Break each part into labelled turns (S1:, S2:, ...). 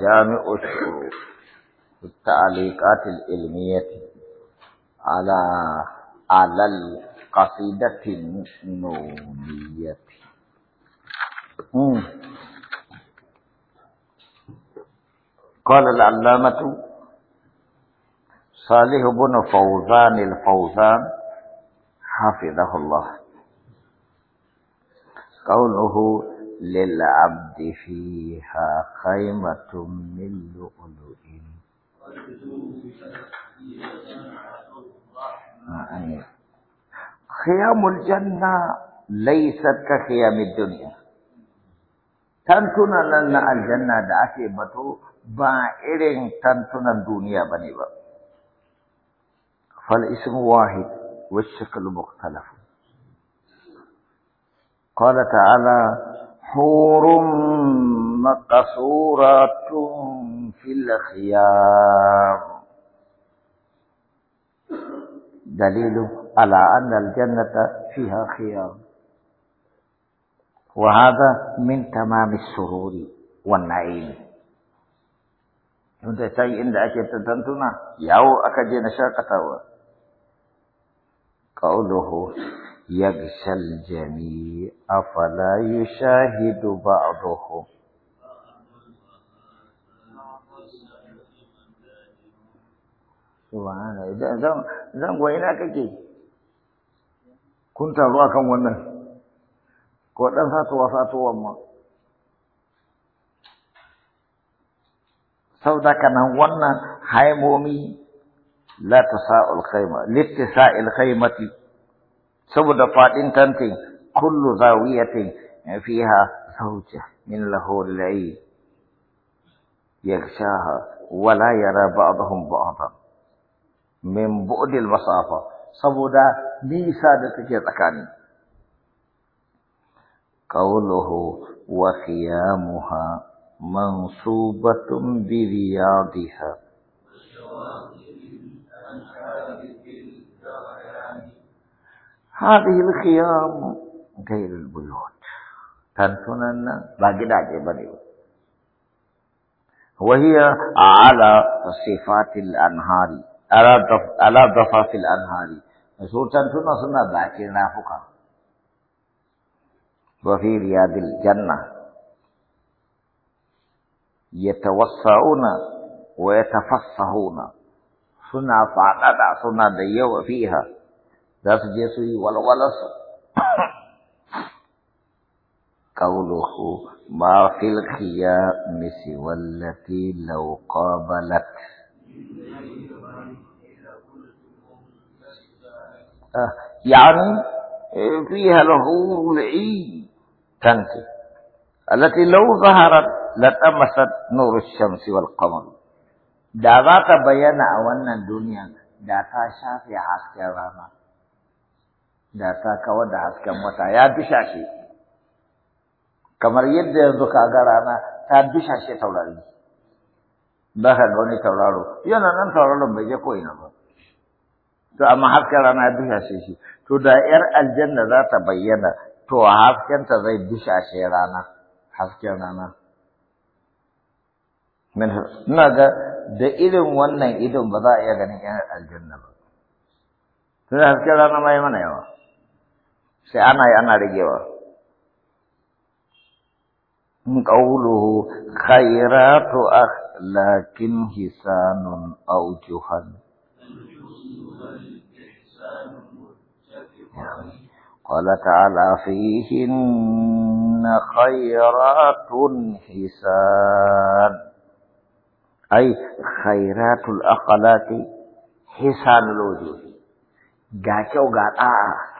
S1: جامع الشروط التعليقات العلمية على على القصيدة النونية قال العلامة صالح بن فوزان الفوزان حفظه الله قوله للعبد فيها خيمة من لؤلؤ خيام الجنة ليست كخيام الدنيا تنتنا لنا الجنة دعاكي بطو بتو با إرين تنتنا الدنيا بني با فالاسم واحد والشكل مختلف قال تعالى حور مقصورات في الخيام دليل على أن الجنة فيها خيام وهذا من تمام السرور والنعيم عند شيء عند أكيد تنتنا يو أكجين شاكتا قوله يغشى الجميع أفلا يشاهد بعضهم Subhana idan zan zan ina kake kun taru akan wannan ko dan satuwa satuwan amma sauda kana wannan haimomi la tasa'ul khayma litisa'il khaymati saboda faɗin tantin kullu zawiyatin fiha zawja min lahu al-ayy yakshaha wa la yara ba'dahum ba'dan min bu'dil masafa saboda nisa da take tsakani qawluhu wa qiyamuha mansubatun bi riyadiha هذه الخيام غير البيوت تنتنن باقدا جبني وهي على صفات الأنهار على ضفاف الأنهار مشهور تنتن سنة باكر نافقا وفي رياض الجنة يتوسعون ويتفصحون سنة فعلنا سنة ديو فيها Ah, eh, za su ولا ولا قوله ما في الخيام سوى التي لو قابلت يعني فيها له العيد تنتي التي لو ظهرت لتمست نور الشمس والقمر دعوات تبين أولنا الدنيا دعتا شافي حسك رانا da ta kawar da hasken wata ya shi. kamar yadda yanzu ka ga rana ta shi taurari ba ka ga wani tauraro yana nan tauraron bai je ko'ina ba to amma hasken rana ya dushashe shi to da yar aljanna za ta bayyana to haskenta zai shi rana hasken rana ina ga da irin wannan idon ba za a iya ganin yan aljanna ba tun hasken rana ma yi mana yawa sai ana أنا ana قوله خيرات أخلاق حسان أو جهن قال تعالى فيهن خيرات حسان أي خيرات الأخلاق حسان الوجود جاكو جاكا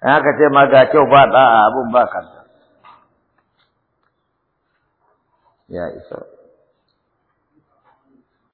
S1: haka ce ma ga kyau ba ɗa'a abun ba kanta ya isa